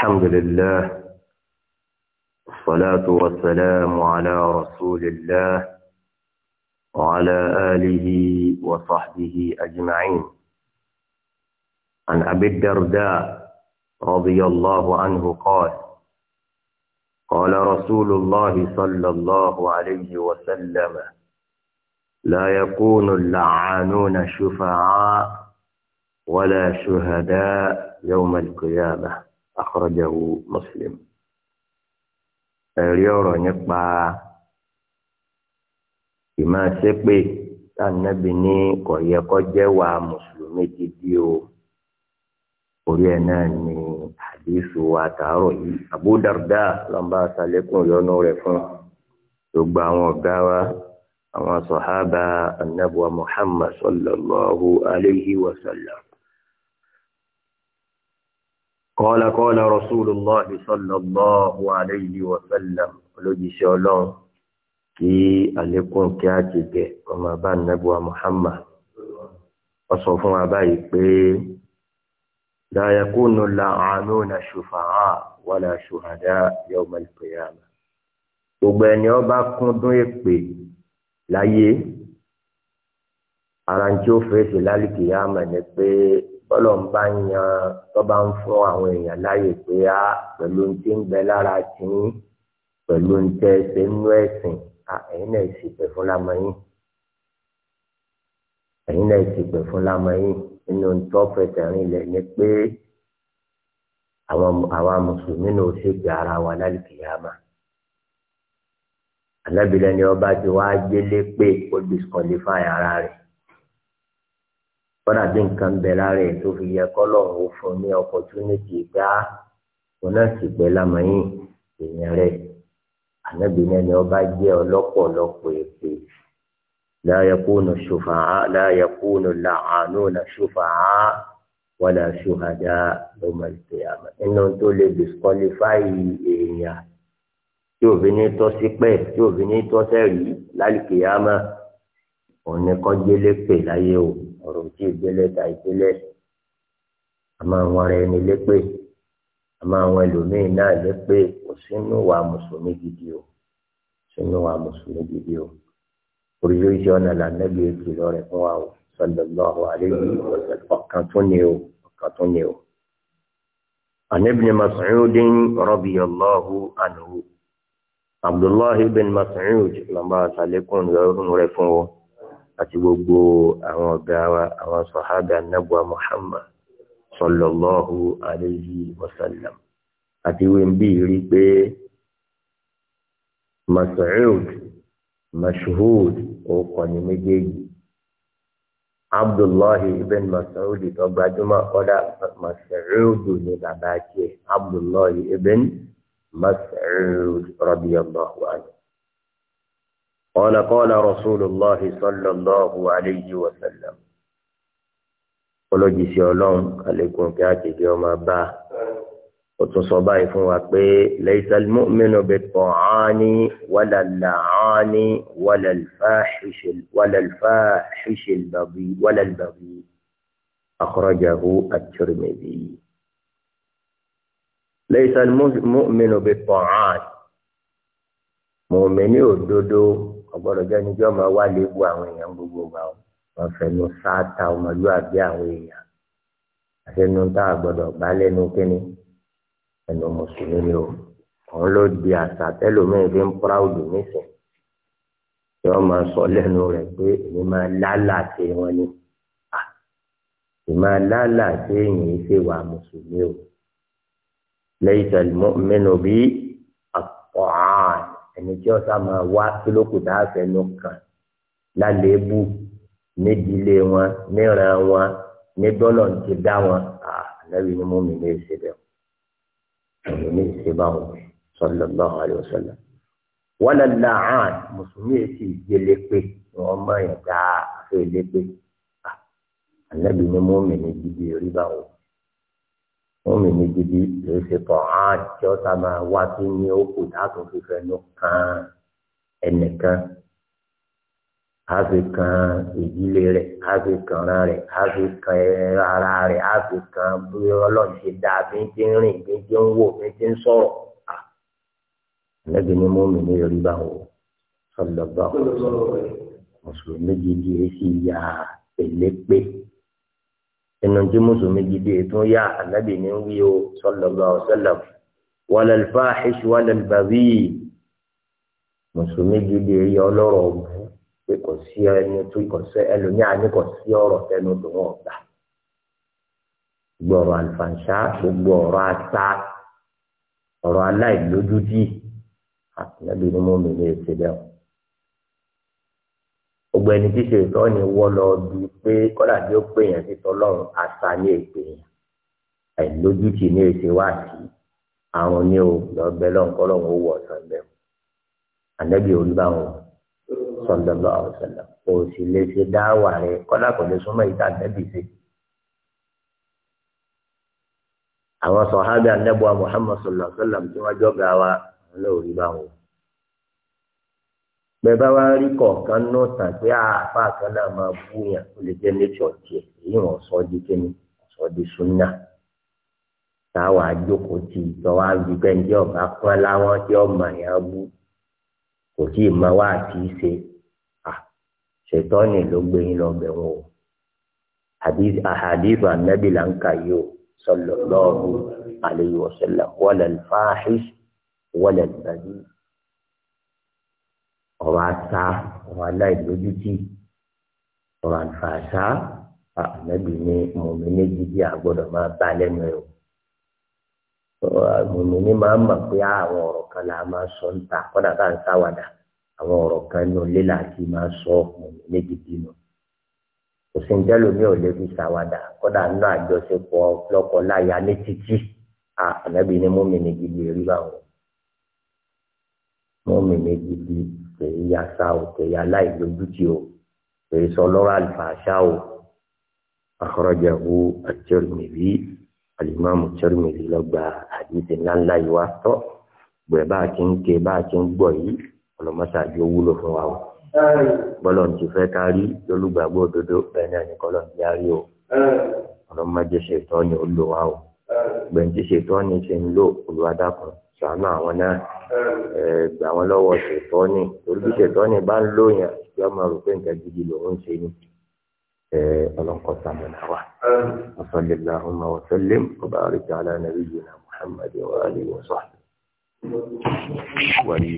الحمد لله والصلاة والسلام على رسول الله وعلى آله وصحبه أجمعين عن أبي الدرداء رضي الله عنه قال قال رسول الله صلى الله عليه وسلم لا يكون اللعانون شفعاء ولا شهداء يوم القيامة akọrọjẹwò Muslim ẹ̀rí ọ̀rọ̀ nípa ìmọ̀ ṣépè tànàbí ní kò yẹ kó jẹ́ wà mùsùlùmí gidi o orí ẹ̀ náà ni àdìsù àtàárọ̀ yìí Abu Darda lọ́nba àtàlẹ́kùn yọnu rẹ̀ fún gbogbo àwọn ọ̀gá wa àwọn sọ̀hábà anabuwa Muhammad sallallahu alayhi wa sallam. قال قال رسول الله صلى الله عليه وسلم olójúṣe ọlọ́run kí àlékún kí á ti gẹ̀ ọmọ bá nàbùwà Muhammad wọ́n sọ fún wa báyìí pé la yakunu la'anuna shufa'a wala shuhada yawm al-qiyamah gbogbo ẹni ọba kúndún èpè láyé ara ń tí ó fèsì lálùkìyàmà ni pé bọ́lọ̀ ń bá yan tó bá ń fún àwọn èèyàn láàyè pé á pẹ̀lú ń tí ń bẹ lára tìyín pẹ̀lú ń tẹ́ ṣe ń nú ẹ̀sìn ẹ̀yin náà sì pẹ̀ fún lamọ́yìn ẹ̀yin náà sì pẹ̀ fún lamọ́yìn nínú tó fẹsẹ̀ rinlẹ̀ ni pé àwọn mùsùlùmí náà ṣègbè ara wa lálùkìyàmà alábìlẹ̀ ni ọba ti wá gbélé pé ó disqualify ara rẹ̀ kọ́dà bí nǹkan bẹ lára ẹ̀ tó fi yẹ kọ́lọ́run ó fún ní opportunity gbá ah, òun náà sì pẹ́ lámọ́yìn èèyàn rẹ̀ ànábì náà ni ọba jẹ́ ọlọ́pọ̀lọpọ̀ èpè la yakunu shufa'a la yakunu la'anuna shufa'a wala shuhada lọ́mọ ìpèyàmà nínú tó lè disqualify èèyàn tí òfin ní tọ́ sí pẹ́ tí òfin ní tọ́ sẹ́rí lálùkìyàmà òun ni kọ́ jẹ́lé pè láyé o. ọ̀rọ̀ tí ìdílé ta ìdílé a máa wọn ara ẹni lépè a máa wọn ẹlòmíì náà lépè kò sínú wa mùsùlùmí gidi o sínú wa mùsùlùmí gidi o oríṣiríṣi ọ̀nà lànàbí ìkìlọ̀ rẹ̀ fún wa o sallallahu alayhi wa ọ̀kan tún ni o ọ̀kan tún ni o. àti gbogbo àwọn ọ̀gá wa àwọn sọ̀hábà nàbùwà Muhammad sallallahu alayhi wa sallam àti wíńbí rí pé Mas'ud Mashhud òkò ní méjèèjì Abdullahi ibn Mas'ud tó gbajúmọ̀ kọ́dà Mas'ud ní bàbá tiẹ̀ Abdullahi ibn Mas'ud radiyallahu anhu. قال قال رسول الله صلى الله عليه وسلم olójì sí ọlọ́run àlékún kí á kéde ọmọ bá a ó tún sọ báyìí fún wa pé laysal mu'minu bit-ta'ani wala la'ani wala al-fahishi wala al-fahishi al-baghi wala al-baghi akhrajahu at-Tirmidhi. laysal òdodo ọgbọ́dọ̀ jẹ́ níjọ́ máa wá léwu àwọn èèyàn gbogbo wa o wọ́n fẹnu sáàtà ọmọlúwàbí àwọn èèyàn àfẹnu tá a gbọ́dọ̀ gbá lẹ́nu kínní ẹnu mùsùlùmí ni o òun ló di àṣà tẹlómìn fi ń pàrọ̀dù nísìn tí wọ́n máa sọ lẹ́nu rẹ̀ pé èmi máa lálàáṣe wọn ni ìmáa lálàáṣe èyàn ṣe wà mùsùlùmí o lẹ́yìn tẹ̀lé mọ́mẹ́nu àpọ̀ ààrẹ ẹni tí ọ̀sà máa wá kílókùtà àfẹnú kan lálébù nídìílé wọn níran wọn nídọ́lọ̀ ti dá wọn ànábì ni mọ́mí ní ìṣe bẹ́ẹ̀ mọ́mí ní ìṣe bá wọn sallallahu alaihi wasallam. wọ́n lọ hàn mùsùlùmí èsì ìgbélé pé wọ́n mọ̀ yẹn àfẹ́ ilé pé ànábì ni mọ́mí ní gidi rí bá wọn wọ́n mi ní gidi lè ṣe tọ̀ án tí ó sá máa wá sí ní òkú dáàtò fífẹ́ ló kan ẹnìkan àfi kan ìdílé rẹ̀ àfi kan ra rẹ̀ àfi kan ara rẹ̀ àfi kan bí ọlọ́run ti dá bí ń ti rìn bí ń ti ń wò bí ń ti ń sọ̀rọ̀ ẹlẹ́bi ni mo mi ní orí bá wò sọlọ́gbà mùsùlùmí gidi èsì ya èlé inú tí mùsùlùmí gidi ètò yá ànábì ní wí o sallallahu alaihi wasallam wala al-fahish wala al-baghi mùsùlùmí gidi èyí ọlọ́rọ̀ ọ̀bù pé kò sí ẹni tó kò sí ẹlòmíà ní kò sí ọ̀rọ̀ tẹnu tó wọ́n gbà gbọ̀rọ̀ àlùfànṣá gbogbo ọ̀rọ̀ ata ọ̀rọ̀ aláìlójútì àtìlẹ́bí ni mo mèlè ṣe bẹ́ẹ̀ o gbogbo ẹni tí ṣètò ni wọ́ lọ bí pé kọ́dà bí ó pè yẹn títọ́ lọ́run àṣà ní èpè yẹn àìlójútì ní èsì wá sí àrùn ní o lọ́bẹ̀ lọ́run kọ́ lọ́run ó wọ̀ ọ̀sán bẹ́ẹ̀ o ànẹ́bí olúbàwọn sọlọ́lọ́ àwòsàlà kò sì lè ṣe dáwà rẹ kọ́dà kò lè súnmọ́ ìta ànẹ́bí ṣe. àwọn sọ̀hábì ànẹ́bùwà Muhammad sọlọ́ọ̀ sọlọ́ọ̀ tí wọ́n jọ́ ga wa lọ́ọ̀rí báwọn o bẹ́ẹ̀ bá wá rí kọ̀ọ̀kan náà tàbí ah, àáfà kan náà máa bú yàn ó lè jẹ́ nature tiẹ̀ èyí wọ́n sọ ọ́ di kíni sọ ọ́ di súnà táwa jókòó tì tọ́wá ju pẹ́ńtì ọ̀gá pọ́n láwọn tí ọmọ yẹn bú kò tí ì mọ wá àti ṣe ṣètọ́nì ló gbé yín lọ bẹ̀ o àhàdìbò ànábì là ń kà yìí o sallallahu alayhi wa sallam wala al-fahish wala al-badi ọ̀rọ̀ ata ọ̀rọ̀ aláìlójútì ọ̀rọ̀ àlùfàṣà ànábì ni mùmíní gidi àgbọ́dọ̀ máa bá lẹ́nu ẹ̀ mùmíní máa ń mọ̀ pé àwọn ọ̀rọ̀ kan là máa sọ ń ta kọ́dà bá ń sáwàdà àwọn ọ̀rọ̀ kan nù lílà kí máa sọ mùmíní gidi nù òsèǹjẹ́ lómi ò lè fi sáwàdà kọ́dà nínú àjọṣepọ̀ lọ́kọláya ní títí ànábì ni mùmíní gidi rí báwọn mùmíní gidi yasa o tẹ̀yà aláìlójútì o èyí sọ lọ́rọ̀ àlùfàṣà o akhrajahu at-Tirmidhi alimami Tirmidhi lọ́gba àdìsí ńláńlá yìí wá tọ́ gbẹ̀ bá a ti ń ké bá a ti ń gbọ̀ yìí ọlọ́mọṣáájú ó wúlò fún wa o bọ́lọ̀ ti fẹ́ kárí lólùgbàgbọ́ òdodo bẹ́ẹ̀ náà ní kọ́lọ̀ ti á o ọlọ́mọdé ṣètọ́ ni ó lò wá o gbẹ̀ǹtì ṣètọ́ ni ṣe ń lò olùwádàkùn ṣàánú àwọn náà gbà wọn lọ́wọ́ ṣètọ́ni torí bí ṣètọ́ni bá ń lóyàn yọ máa rò pé nǹkan gidi lòun ṣe ni ọlọ́kọ̀ sàmúnà wa wasalli allahumma wa sallim wa barik ala nabiyyina muhammadin wa alihi wa sahbihi